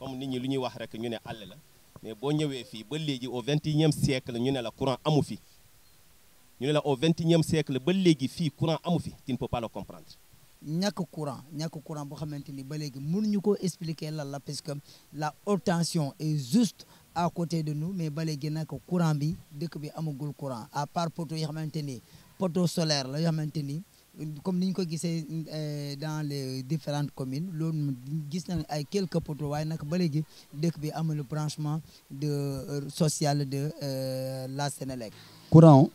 comme nous ñi lu mais au XXIe siècle ñu avons courant amu Nous ñu au XXIe siècle Nous courant tu ne peux pas le comprendre. Nyako courant nyako courant pour maintenir ba expliquer la parce que la haute tension est juste à côté de nous mais ba courant bi dëkk bi courant à part solaire la comme niñ ñu ko gisee euh, dans les différentes communes loolu gis na ay quelques poteaux waaye nak ba léegi dëkk bi amul branchement de euh, social de euh, la Sénélec courant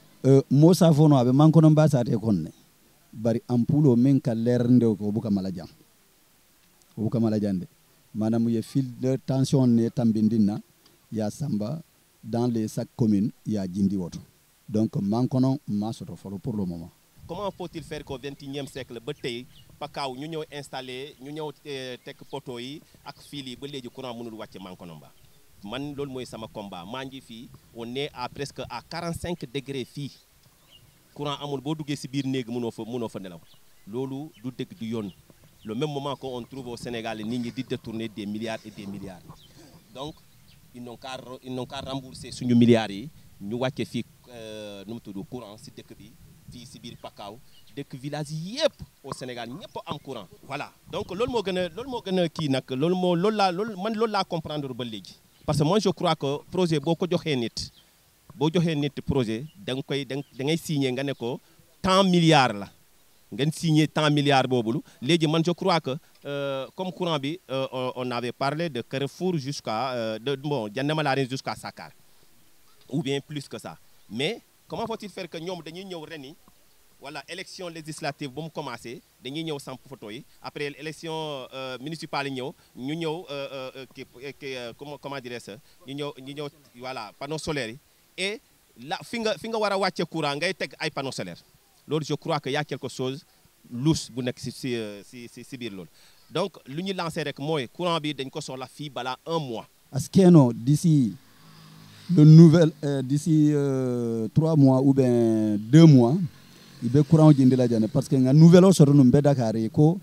mo safono aɓe mankono mbasate konne bari am o min ka ndew ko buka mala jam o buka mala jande manam ye fil de tension ne tambindinna ya samba dans les sacs communes ya jindi woto donc mankono ma soto folo pour le moment comment faut-il faire qu'au 21e siècle ba pas qu'à ñu ñëw installé ñu ñëw eh, teg poto yi ak fil yi ba léegi courant mënul wàcc Mankonomba man loolu mooy sama combat maa ngi on est à presque à 45 degrés fi. courant amul bo duggee si biir néeg mënoo fa mënoo fa nelaw du dëgg du yoon le même moment qu'on trouve au Sénégal nit ñi di détourner des milliards et des milliards donc ils n'ont qu'à ils n'ont qu'à rembourser suñu milliards yi ñu wàcce fii euh, nu mu tudd courant si dëkk bi fii si biir Pakaaw dëkk village yëpp au Sénégal ñëpp am courant. voilà donc loolu moo gën a loolu moo gën a kii nag loolu moo loolu laa loolu man loolu laa comprendre ba léegi. parce que moi je crois que projet boo ko joxee nit boo joxee nit projet da nga koy da ngay signé nga ne ko tant milliards la. ngeen signé tant milliards boobulu léegi man je crois que euh, comme courant bi euh, on avait parlé de Carrefour jusqu'à euh, de bon Diané Malarine jusqu'à Sakar ou bien plus que ça mais comment faut-il faire que ñoom dañuy ñëw ren yi wala élection législative bu commencé dañuy ñëw sans photo yi après élection euh, municipale yi ñëw ñu ñëw euh, euh, euh, comment comment dire ça ñu ñëw ñu ñëw voilà panneau solaire et la fi nga fi nga courant ngay teg ay panneau solaire loolu je crois que y a quelque chose lousse bu nekk si si si si si biir loolu donc lu ñu lancé rek mooy courant bi dañ ko soxla fii balaa un mois askeno d'ici de nouvelles euh, d'ici euh, trois mois ou bien deux mois ibe courant jindi la jane parce que nga nouvelle o sorono mbe dakar ko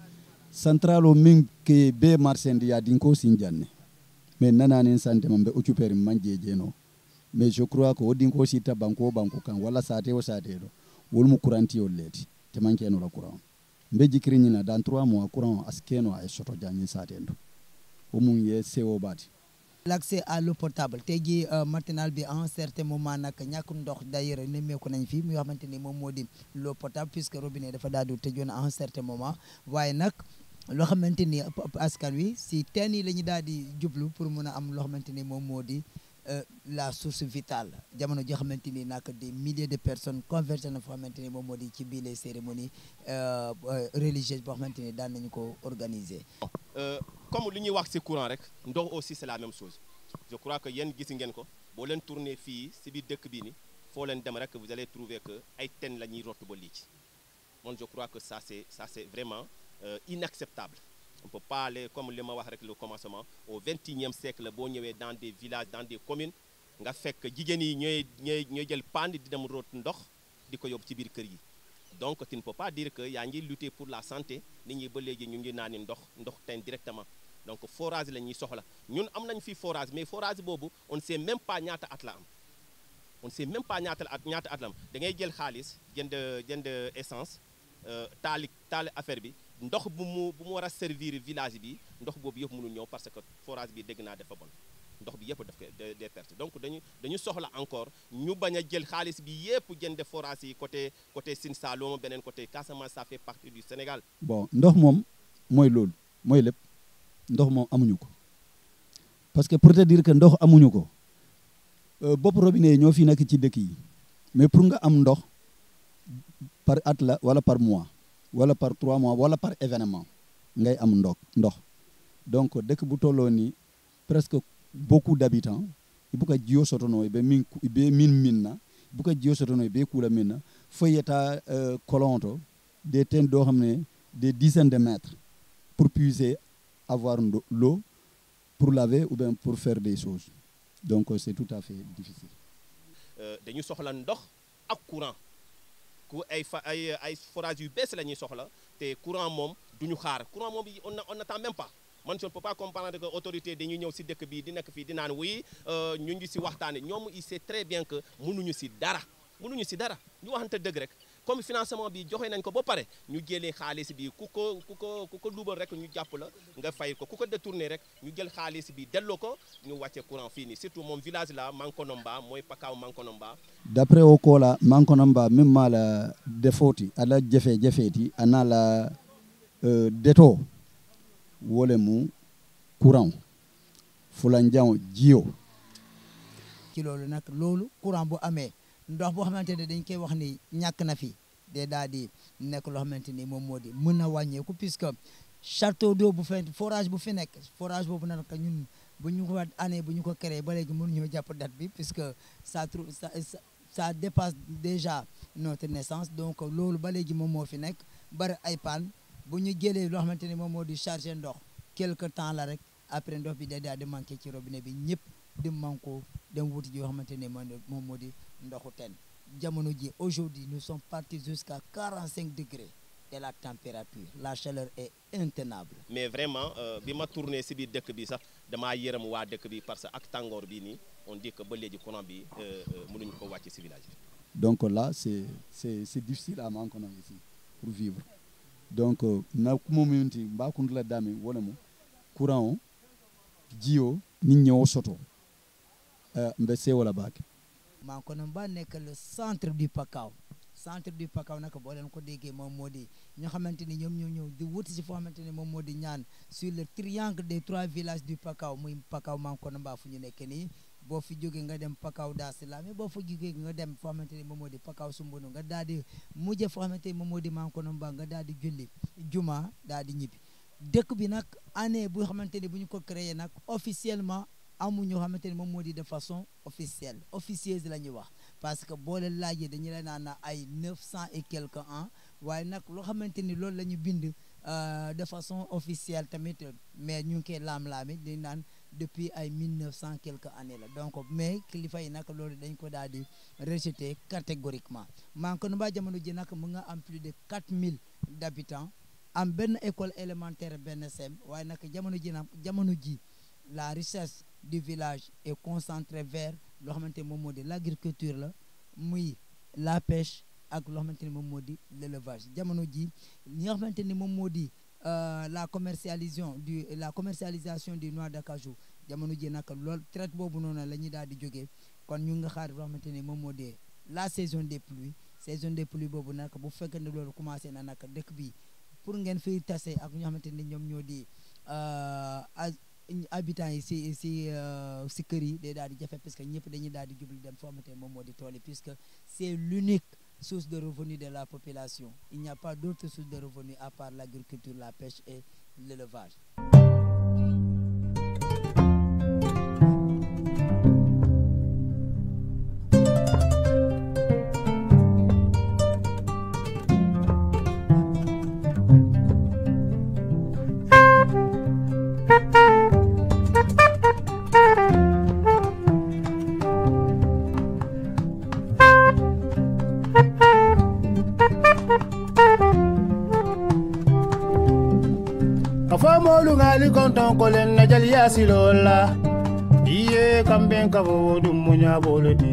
central o min ke be marsendi ya dinko sinjanne mais nanani sante mambe occupéri man jejeno mais je crois ko dinko sitta banko banko kan wala sate o sate do wol mu couranti o leti te manke no la courant mbe jikiri nyina dans trois mois courant askeno ay e soto janyi sate ndo o mun ye sewo bati l'accès à l'eau potable tey jii euh, matinal bi en un certain moment nag ñàkkum ndox d'ailleurs nemmeeku nañ fi muy xamanteni mom modi l'eau potable puisque robinet dafa daal di tëjoon en certains certain moment waaye nag loo xamante askan wi si teen lañu la ñu jublu pour mëna a am lo xamanteni mom modi euh, la source vitale jamono joo xamante nak des milliers de personnes convergent na foo xamante ni moom ci bi les cérémonies euh, religieuses boo xamanteni daan nañ ko organiser. Euh, comme li ñuy wax ci courant rek ndox aussi c'est la même chose je crois que yéen gis ngeen ko boo leen tourner fii ci biir dëkk bii ni foo leen dem rek vous allez trouver que ay teen la ñuy ba ci je crois que ça c'est ça c'est vraiment euh, inacceptable on peut pas aller comme le ma wax rek le commencement au 21 e siècle boo ñëwee dans des villages dans des communes nga fekk jigéen yi ñooy ñooy ñooy jël paan di dem root ndox di ko yóbbu ci biir kër yi donc tu ne peux pas dire que yaa ngi lutter pour la santé ni ñi ba léegi ñu ngi naan ndox ndox directement donc forage la ñuy soxla ñun am nañ fi forage mais forage boobu on ne sait même pas ñaata at la am on ne sait même pas ñaata at ñaata at la am da ngay jël xaalis jënd jënd essence euh, talik, tal affaire bi ndox bu mu bu servir village bi ndox boobu yëpp mënul ñëw parce que forage bi dégg naa dafa bon bi donc nous encore Nous bañ jël bi côté côté côté Casamance ça fait partie du Sénégal. bon ndox moom mooy loolu mooy lépp ndox moom parce que pour te dire que ndox amuñu ko euh, bopp robinet ñoo mais pour nga am par at voilà par mois wala par trois mois wala par événement ngay am donc dès bu tolloo presque beaucoup d'habitants i buka jio sotono i be min il be min min na i buka jio sotono i be kula min na fo euh, des teen d'eau, des dizaines de mètres pour puiser avoir l'eau pour laver ou bien pour faire des choses donc euh, c'est tout à fait difficile euh, dañu soxla ndox ak courant ku ay ay ay forage yu bees soxla té courant mom duñu xaar courant mom on n'attend même pas man je ne peux pas comprendre que autorité dañuy ñëw ci dëkk bi di nekk fi di naan wuy euh, ñu ngi si waxtaane ñoom il sait très bien que mënu ñu ci dara mënu ñu ci dara ñu waxante dëgg rek comme financement bi joxé nañ ko ba paré ñu jëlé xaaliss bi ku ko ku ko ku ko luubal rek ñu japp la nga fay ko ku ko détourné rek ñu jël xaaliss bi delloo ko ñu waccé courant fini surtout moom village la Mankonomba mooy pakaaw Mankonomba d'après o koola Mankonomba même mala défauti ala jëfé jëféti ana la euh detoo wole mu courant fulanjaŋo jiyoo ci loolu nag loolu courant bu amee ndox boo xamante ne dañ koy wax ni ñàkk na fi day daal di nekk loo xamante ni moom moo di mën na wàññeeku puisque château d'eau bu fe forage bu fi nekk forage boobu nag ñun bu ñu ko année bu ñu ko créé ba léegi mënuñu jàpp date bi puisque ça trou sa ça dépasse déjà notre naissance donc loolu ba léegi moom moo fi nekk bari ay panne bonjour ñu jëlee loo xamante ni moom chargé ndox quelques temps là rek après ndox bi day de manquer ci robinet bi ñëpp di manko dem wuti ji yoo mo modi ndoxu ten jamono ji aujourd'hui nous sommes partis jusqu'à 45 degrés et la température la chaleur est intenable mais vraiment euh, bi ma tourné ci bi dekk bi sax dama yërëm wa dekk bi parce que ak tangor bi ni on dit que ba léegi courant bi euh, euh, mënuñ ko wacc ci village donc là c'est c'est difficile à Mankono ici pour vivre donc euh, na community mbakundula dami wolemu courant jio ni ñoo soto uh, mbe sewola baake ma kono ba nekk le centre du pakao centre du pakao nag boo leen ko déggee moo di ñoo xamante ni ñoom ñëw di wut si foo xamante ni moom moo di ñaan sur le triangle des trois villages du pakao muy pakao ma kono fu ñu nekk nii boo fi jógee nga dem Pakao Daasila mais boo fa jógee nga dem foo xamante ni moom moo di Pakao Sumbunu nga daal di mujjee foo xamante ni moom moo di Mankonomba nga daal di julli juma daal di ñibbi dëkk bi nag année bu xamante ni bu ñu ko créé nag officiellement amuñu xamante ni moom moo di de façon officielle officieuse la ñuy wax parce que boo leen laajee dañu la naan ay neuf cent et quelques ans waaye nag loo xamante ni loolu la ñu bind euh, de façon officielle tamit mais ñu ngi koy laam-laami di naan depuis ay 1900 quelques années là donc mais kilifa yi nag loolu dañ ko daal di rejeté catégoriquement Mankoumba jamono ji nag mu am plus de 4000 habitants am benn école élémentaire bnsm sem waaye nag jamono ji jamono ji la richesse du village est concentrée vers loo xamante ne moom l'agriculture la la pêche ak loo xamante ne moom l'élevage di jamono ji ni moom moo euh, la commercialisation du la commercialisation du noix d'acajou jamono ji nak loolu traite bobu noonu lañu ñuy daal di jógee kon ñu nga xaar loo xamante ne la saison des pluies saison des pluies bobu nak bu fekkee ne loolu commencé na nag dëkk bi pour ngeen fiy tassé ak ñu xamante ñom ñoo di euh, habitants ici ici si euh, si kër yi day daal di parce que ñëpp dañuy daal di jublu dem fo xamante ne moom moo di tool puisque c'est l'unique source de revenus de la population. Il n'y a pas d'autres sources de revenus à part l'agriculture, la pêche et l'élevage. ka fɔ molu ŋali kɔntɔn kolen na jaliya silola i ye kanbɛn ka fɔ wo di